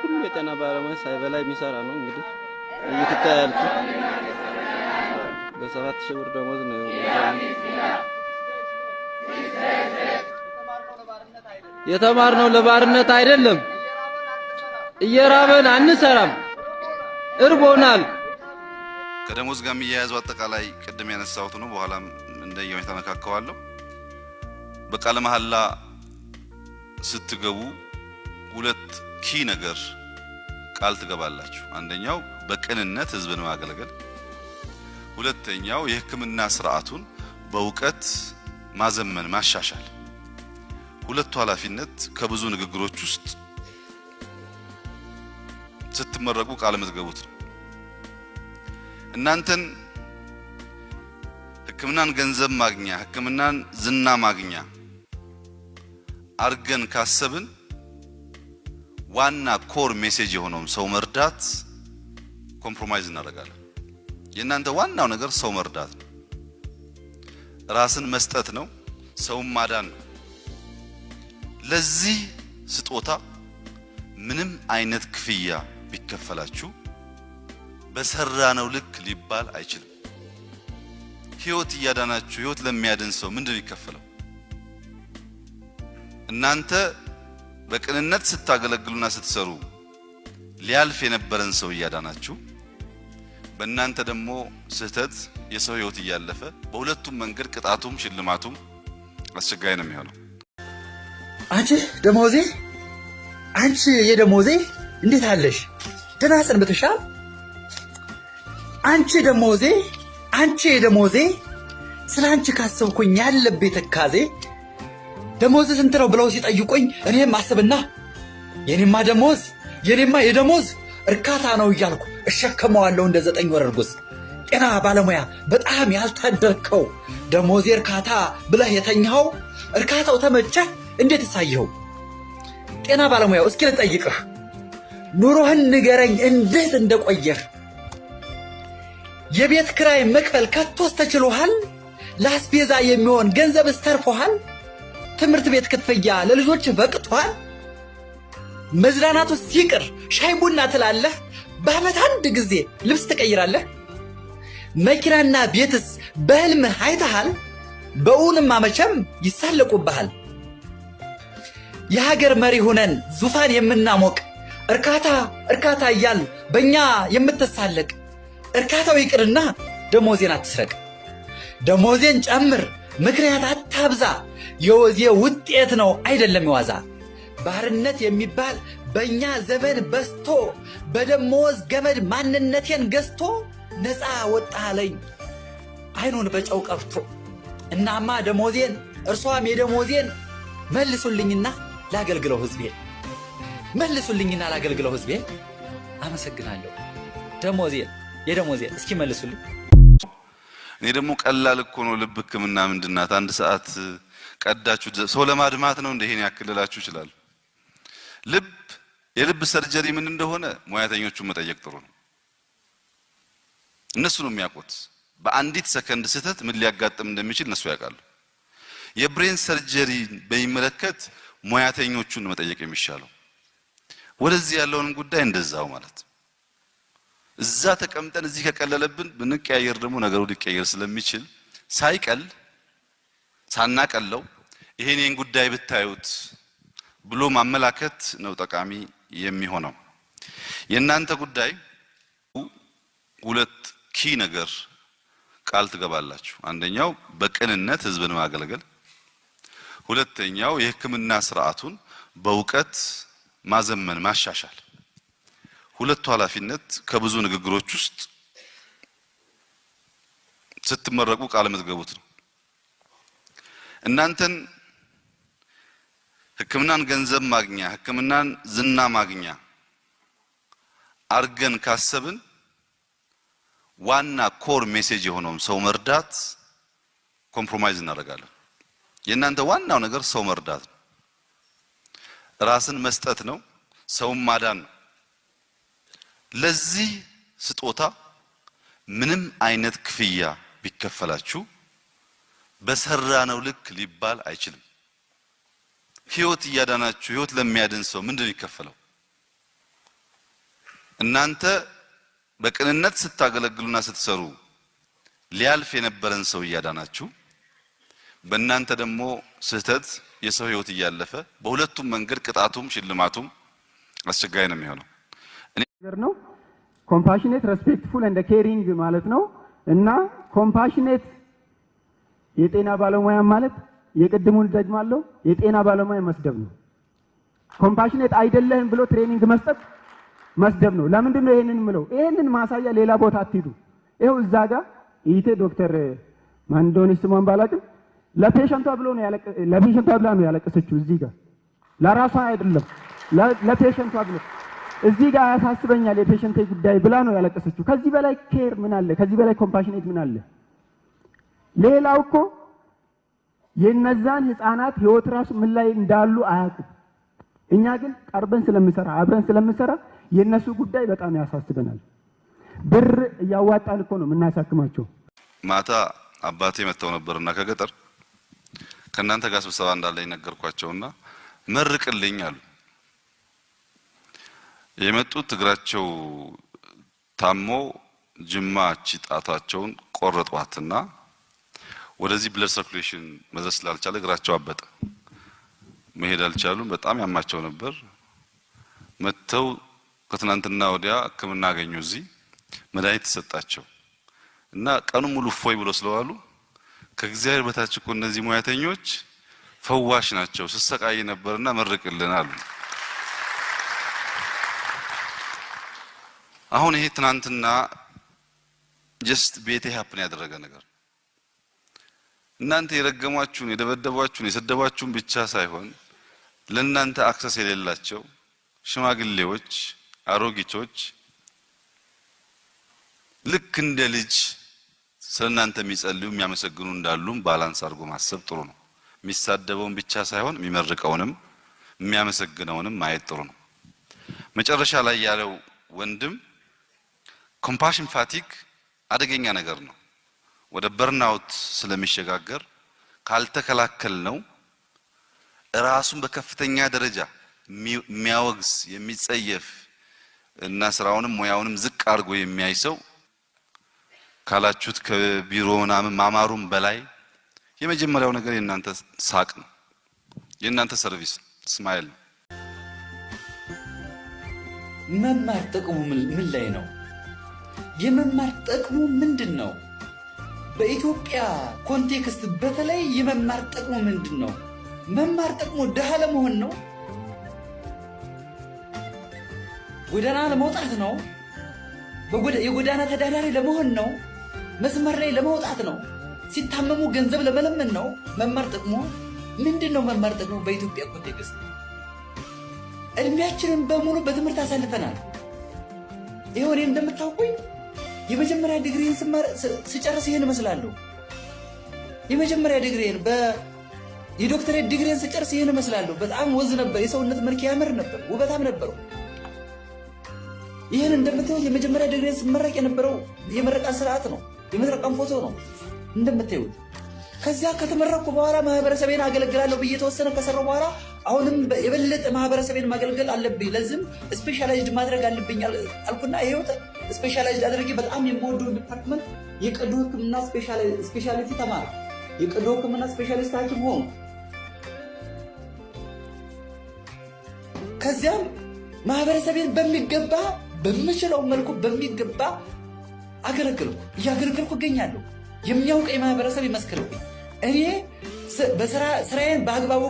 ሁሉ የጤና ባለሙያ ሳይበላ የሚሰራ ነው። እንግዲህ እየተታ ያልኩ በሰባት ሺህ ብር ደሞዝ ነው። የተማርነው ለባርነት አይደለም። እየራበን አንሰራም፣ እርቦናል። ከደሞዝ ጋር የሚያያዙ አጠቃላይ ቅድም ያነሳሁት ነው። በኋላም እንደየሁኔታ መካከዋለሁ። በቃለ መሐላ ስትገቡ ሁለት ኪ ነገር ቃል ትገባላችሁ። አንደኛው በቅንነት ህዝብን ማገልገል፣ ሁለተኛው የህክምና ስርዓቱን በእውቀት ማዘመን ማሻሻል። ሁለቱ ኃላፊነት ከብዙ ንግግሮች ውስጥ ስትመረቁ ቃል የምትገቡት ነው። እናንተን ህክምናን ገንዘብ ማግኛ፣ ህክምናን ዝና ማግኛ አርገን ካሰብን ዋና ኮር ሜሴጅ የሆነውን ሰው መርዳት ኮምፕሮማይዝ እናደርጋለን። የእናንተ ዋናው ነገር ሰው መርዳት ነው፣ ራስን መስጠት ነው፣ ሰውን ማዳን ነው። ለዚህ ስጦታ ምንም አይነት ክፍያ ቢከፈላችሁ በሰራ ነው ልክ ሊባል አይችልም። ህይወት እያዳናችሁ ህይወት ለሚያድን ሰው ምንድን ነው ይከፈለው እናንተ በቅንነት ስታገለግሉና ስትሰሩ ሊያልፍ የነበረን ሰው እያዳናችሁ በእናንተ ደግሞ ስህተት የሰው ህይወት እያለፈ በሁለቱም መንገድ ቅጣቱም ሽልማቱም አስቸጋሪ ነው የሚሆነው። አንቺ ደሞዜ አንቺ የደሞዜ እንዴት አለሽ? ደህና ሰንብተሻል? አንቺ ደሞዜ አንቺ የደሞዜ ስለ አንቺ ካሰብኩኝ ያለብኝ ትካዜ ደሞዝ ስንት ነው ብለው ሲጠይቁኝ እኔም አስብና የኔማ ደሞዝ የኔማ የደሞዝ እርካታ ነው እያልኩ እሸከመዋለሁ እንደ ዘጠኝ ወር እርጉዝ። ጤና ባለሙያ በጣም ያልታደርከው ደሞዝ እርካታ ብለህ የተኛኸው እርካታው ተመቸህ እንዴት እሳየኸው? ጤና ባለሙያው እስኪ ልጠይቅህ፣ ኑሮህን ንገረኝ እንዴት እንደቆየህ። የቤት ክራይ መክፈል ከቶስ ተችሎሃል? ለአስቤዛ የሚሆን ገንዘብ ተርፎሃል? ትምህርት ቤት ክፍያ ለልጆች በቅቷል። መዝናናቱ ሲቅር ሻይ ቡና ትላለህ። በዓመት አንድ ጊዜ ልብስ ትቀይራለህ። መኪናና ቤትስ በህልምህ አይተሃል። በእውንማ መቼም ይሳለቁብሃል። የሀገር መሪ ሆነን ዙፋን የምናሞቅ እርካታ እርካታ እያል በእኛ የምትሳለቅ እርካታው ይቅርና ደሞዜን አትስረቅ። ደሞዜን ጨምር፣ ምክንያት አታብዛ። የወዜ ውጤት ነው አይደለም የዋዛ ባርነት የሚባል በእኛ ዘመን በስቶ በደሞዝ ገመድ ማንነቴን ገዝቶ ነፃ ወጣ አይኑን በጨው ቀብቶ እናማ ደሞዜን እርሷም የደሞዜን መልሱልኝና ላገልግለው ህዝቤ መልሱልኝና ላገልግለው ህዝቤ አመሰግናለሁ ደሞዜን የደሞዜን እስኪ መልሱልኝ እኔ ደግሞ ቀላል እኮ ነው ልብ ህክምና ምንድናት አንድ ሰዓት ቀዳችሁ ሰው ለማድማት ነው እንደ ያክልላችሁ ይችላል። ልብ የልብ ሰርጀሪ ምን እንደሆነ ሙያተኞቹን መጠየቅ ጥሩ ነው። እነሱ ነው የሚያውቁት። በአንዲት ሰከንድ ስህተት ምን ሊያጋጥም እንደሚችል እነሱ ያውቃሉ። የብሬን ሰርጀሪ በሚመለከት ሙያተኞቹን መጠየቅ የሚሻለው ወደዚህ ያለውንም ጉዳይ እንደዛው ማለት እዛ ተቀምጠን እዚህ ከቀለለብን ብንቀያየር ደግሞ ነገሩ ሊቀየር ስለሚችል ሳይቀል ሳናቀለው ይሄን ጉዳይ ብታዩት ብሎ ማመላከት ነው ጠቃሚ የሚሆነው። የእናንተ ጉዳይ ሁለት ኪ ነገር ቃል ትገባላችሁ። አንደኛው በቅንነት ህዝብን ማገልገል፣ ሁለተኛው የህክምና ስርዓቱን በእውቀት ማዘመን ማሻሻል። ሁለቱ ኃላፊነት ከብዙ ንግግሮች ውስጥ ስትመረቁ ቃል የምትገቡት ነው። እናንተን ህክምናን ገንዘብ ማግኛ ህክምናን ዝና ማግኛ አርገን ካሰብን ዋና ኮር ሜሴጅ የሆነውም ሰው መርዳት ኮምፕሮማይዝ እናደርጋለን። የእናንተ ዋናው ነገር ሰው መርዳት ነው፣ ራስን መስጠት ነው፣ ሰውን ማዳን ነው። ለዚህ ስጦታ ምንም አይነት ክፍያ ቢከፈላችሁ በሰራ ነው ልክ ሊባል አይችልም። ህይወት እያዳናችሁ ህይወት ለሚያድን ሰው ምንድን ይከፈለው? እናንተ በቅንነት ስታገለግሉና ስትሰሩ ሊያልፍ የነበረን ሰው እያዳናችሁ በእናንተ ደግሞ ስህተት የሰው ህይወት እያለፈ በሁለቱም መንገድ ቅጣቱም ሽልማቱም አስቸጋሪ ነው የሚሆነው። ነገር ነው ኮምፓሽኔት ሬስፔክትፉል እንደ ኬሪንግ ማለት ነው እና ኮምፓሽኔት የጤና ባለሙያ ማለት የቅድሙን ደግማለሁ የጤና ባለሙያ መስደብ ነው። ኮምፓሽኔት አይደለህም ብሎ ትሬኒንግ መስጠት መስደብ ነው። ለምንድን ነው ይሄንን ምለው? ይሄንን ማሳያ ሌላ ቦታ አትሂዱ። ይሄው እዛ ጋር ይቴ ዶክተር ማን እንደሆነ ስሟን ባላቅም ለፔሸንቷ ብሎ ነው ያለቀ ለፔሸንቷ ብላ ነው ያለቀሰችው። እዚህ ጋር ለራሷ አይደለም ለፔሸንቷ ብሎ እዚህ ጋር ያሳስበኛል የፔሸንቴ ጉዳይ ብላ ነው ያለቀሰችው። ከዚህ በላይ ኬር ምን አለ? ከዚህ በላይ ኮምፓሽኔት ምን አለ? ሌላው እኮ የነዛን ህፃናት ህይወት ራሱ ምን ላይ እንዳሉ አያውቁም። እኛ ግን ቀርበን ስለምንሰራ አብረን ስለምንሰራ የእነሱ ጉዳይ በጣም ያሳስበናል። ብር እያዋጣን እኮ ነው የምናሳክማቸው። ማታ አባቴ መጥተው ነበርና ከገጠር ከእናንተ ጋር ስብሰባ እንዳለኝ ነገርኳቸውና መርቅልኝ አሉ። የመጡት እግራቸው ታሞ ጅማ ጣታቸውን ቆረጧትና ወደዚህ ብለድ ሰርኩሌሽን መድረስ ስላልቻለ እግራቸው አበጠ። መሄድ አልቻሉም። በጣም ያማቸው ነበር። መጥተው ከትናንትና ወዲያ ሕክምና አገኙ። እዚህ መድኃኒት ተሰጣቸው እና ቀኑ ሙሉ እፎይ ብሎ ስለዋሉ ከእግዚአብሔር በታች እኮ እነዚህ ሙያተኞች ፈዋሽ ናቸው። ስሰቃይ ነበርና መርቅልን አሉ። አሁን ይሄ ትናንትና ጀስት ቤቴ ሀፕን ያደረገ ነገር እናንተ የረገሟችሁን የደበደቧችሁን የሰደቧችሁን ብቻ ሳይሆን ለእናንተ አክሰስ የሌላቸው ሽማግሌዎች፣ አሮጊቶች ልክ እንደ ልጅ ስለ እናንተ የሚጸልዩ የሚያመሰግኑ እንዳሉም ባላንስ አድርጎ ማሰብ ጥሩ ነው። የሚሳደበውን ብቻ ሳይሆን የሚመርቀውንም የሚያመሰግነውንም ማየት ጥሩ ነው። መጨረሻ ላይ ያለው ወንድም ኮምፓሽን ፋቲግ አደገኛ ነገር ነው። ወደ በርናውት ስለሚሸጋገር ካልተከላከል ነው ራሱን በከፍተኛ ደረጃ የሚያወግዝ የሚጸየፍ እና ስራውንም ሙያውንም ዝቅ አድርጎ የሚያይ ሰው ካላችሁት ከቢሮ ምናምን ማማሩም በላይ የመጀመሪያው ነገር የእናንተ ሳቅ ነው፣ የእናንተ ሰርቪስ ስማይል ነው። መማር ጥቅሙ ምን ላይ ነው? የመማር ጥቅሙ ምንድን ነው? በኢትዮጵያ ኮንቴክስት በተለይ የመማር ጥቅሙ ምንድን ነው? መማር ጥቅሙ ድሃ ለመሆን ነው? ጎዳና ለመውጣት ነው? የጎዳና ተዳዳሪ ለመሆን ነው? መስመር ላይ ለመውጣት ነው? ሲታመሙ ገንዘብ ለመለመን ነው? መማር ጥቅሙ ምንድን ነው? መማር ጥቅሙ በኢትዮጵያ ኮንቴክስት እድሜያችንን በሙሉ በትምህርት አሳልፈናል። ይኸው እኔ እንደምታውቁኝ የመጀመሪያ ዲግሪን ስጨርስ ይሄን እመስላለሁ። የመጀመሪያ ዲግሪን የዶክተሬት ዲግሪን ስጨርስ ይሄን እመስላለሁ። በጣም ወዝ ነበር፣ የሰውነት መልክ ያምር ነበር፣ ውበታም ነበረው። ይህን እንደምታዩት የመጀመሪያ ዲግሪን ስመረቅ የነበረው የመረቃ ስርዓት ነው፣ የመረቃን ፎቶ ነው እንደምታዩት። ከዚያ ከተመረኩ በኋላ ማህበረሰቤን አገለግላለሁ ብዬ የተወሰነ ከሰራው በኋላ አሁንም የበለጠ ማህበረሰቤን ማገልገል አለብኝ፣ ለዚህም ስፔሻላይዝድ ማድረግ አለብኝ አልኩና ይሄው ስፔሻላይዝድ አድርጌ በጣም የምወደው ዲፓርትመንት የቀዶ ሕክምና ስፔሻሊቲ ተማር የቀዶ ሕክምና ስፔሻሊስት ሐኪም ሆኑ። ከዚያም ማህበረሰቤን በሚገባ በምችለው መልኩ በሚገባ አገለግልኩ እያገለግልኩ እገኛለሁ። የሚያውቀኝ ማህበረሰብ ይመስክርብኝ። እኔ ስራዬን በአግባቡ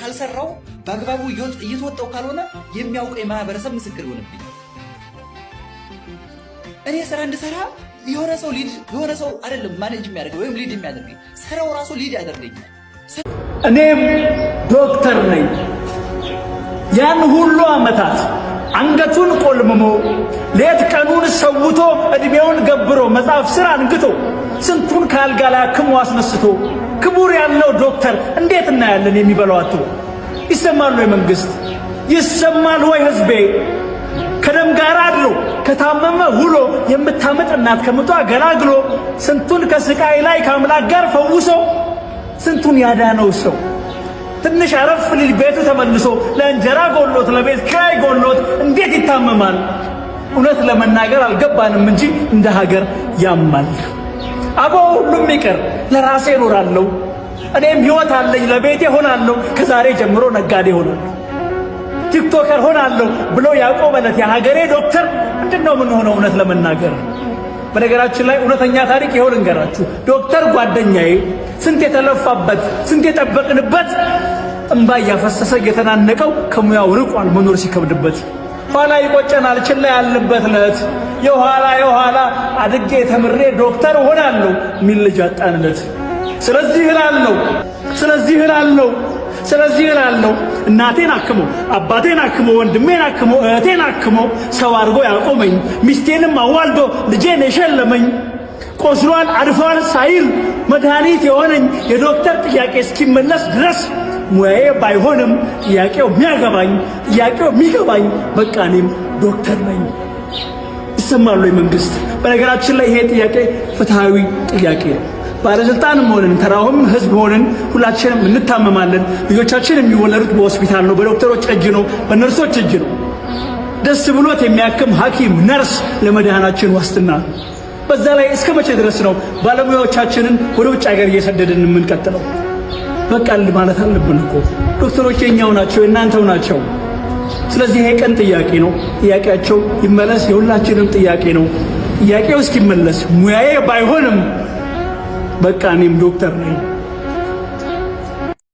ካልሰራው በአግባቡ እየተወጣው ካልሆነ የሚያውቀ የማህበረሰብ ምስክር ይሆንብኝ። እኔ ስራ እንድሰራ የሆነ ሰው ሊድ የሆነ ሰው አይደለም ማኔጅ የሚያደርገ ወይም ሊድ የሚያደርገኝ ስራው ራሱ ሊድ ያደርገኛል። እኔም ዶክተር ነኝ። ያን ሁሉ ዓመታት አንገቱን ቆልምሞ ሌት ቀኑን ሰውቶ እድሜውን ገብሮ መጽሐፍ ስራ አንግቶ ስንቱን ከአልጋ ላይ አክሞ አስነስቶ ክቡር ያለው ዶክተር እንዴት እናያለን የሚበለው አጥቶ ይሰማል ወይ መንግስት? ይሰማል ወይ ህዝቤ? ከደም ጋር አድሮ ከታመመ ውሎ የምታምጥ እናት ከምጧ አገላግሎ ስንቱን ከስቃይ ላይ ከአምላክ ጋር ፈውሶ ስንቱን ያዳነው ሰው ትንሽ አረፍ ሊል ቤቱ ተመልሶ ለእንጀራ ጎሎት ለቤት ኪራይ ጎሎት እንዴት ይታመማል? እውነት ለመናገር አልገባንም እንጂ እንደ ሀገር ያማል። አበው ሁሉም ይቅር፣ ለራሴ እኖራለሁ። እኔም ህይወት አለኝ፣ ለቤቴ ሆናለሁ። ከዛሬ ጀምሮ ነጋዴ ሆናለሁ፣ ቲክቶከር ሆናለሁ ብሎ ያዕቆብ የሀገሬ ዶክተር ምንድን ነው የምንሆነው? እውነት ለመናገር በነገራችን ላይ እውነተኛ ታሪክ ይሆን እንገራችሁ። ዶክተር ጓደኛዬ ስንት የተለፋበት ስንት የጠበቅንበት እምባ እያፈሰሰ እየተናነቀው ከሙያው ርቋል መኖር ሲከብድበት ኋላ ይቆጨናል። ችላ ያልንበት የኋላ የኋላ አድጌ ተምሬ ዶክተር እሆናለሁ ሚል ልጅ አጣንለት። ስለዚህ እላለሁ ስለዚህ እላለሁ ስለዚህ እላለሁ እናቴን አክሞ አባቴን አክሞ ወንድሜን አክሞ እህቴን አክሞ ሰው አድርጎ ያቆመኝ ሚስቴንም አዋልዶ ልጄን የሸለመኝ ቆስሏል አድፏል ሳይል መድኃኒት የሆነኝ የዶክተር ጥያቄ እስኪመለስ ድረስ ሙያዬ ባይሆንም ጥያቄው የሚያገባኝ ጥያቄው የሚገባኝ በቃ እኔም ዶክተር ነኝ ይሰማሉ መንግስት። በነገራችን ላይ ይሄ ጥያቄ ፍትሐዊ ጥያቄ ነው። ባለስልጣንም ሆንን ተራውም ህዝብ ሆንን ሁላችንም እንታመማለን። ልጆቻችን የሚወለዱት በሆስፒታል ነው፣ በዶክተሮች እጅ ነው፣ በነርሶች እጅ ነው። ደስ ብሎት የሚያክም ሐኪም ነርስ ለመድሃናችን ዋስትና ነው። በዛ ላይ እስከ መቼ ድረስ ነው ባለሙያዎቻችንን ወደ ውጭ ሀገር እየሰደድን የምንቀጥለው? በቃ ማለት አለብን እኮ ዶክተሮች የኛው ናቸው፣ የእናንተው ናቸው። ስለዚህ ይሄ ቀን ጥያቄ ነው። ጥያቄያቸው ይመለስ፣ የሁላችንም ጥያቄ ነው። ጥያቄው እስኪመለስ ሙያዬ ባይሆንም በቃ እኔም ዶክተር ነኝ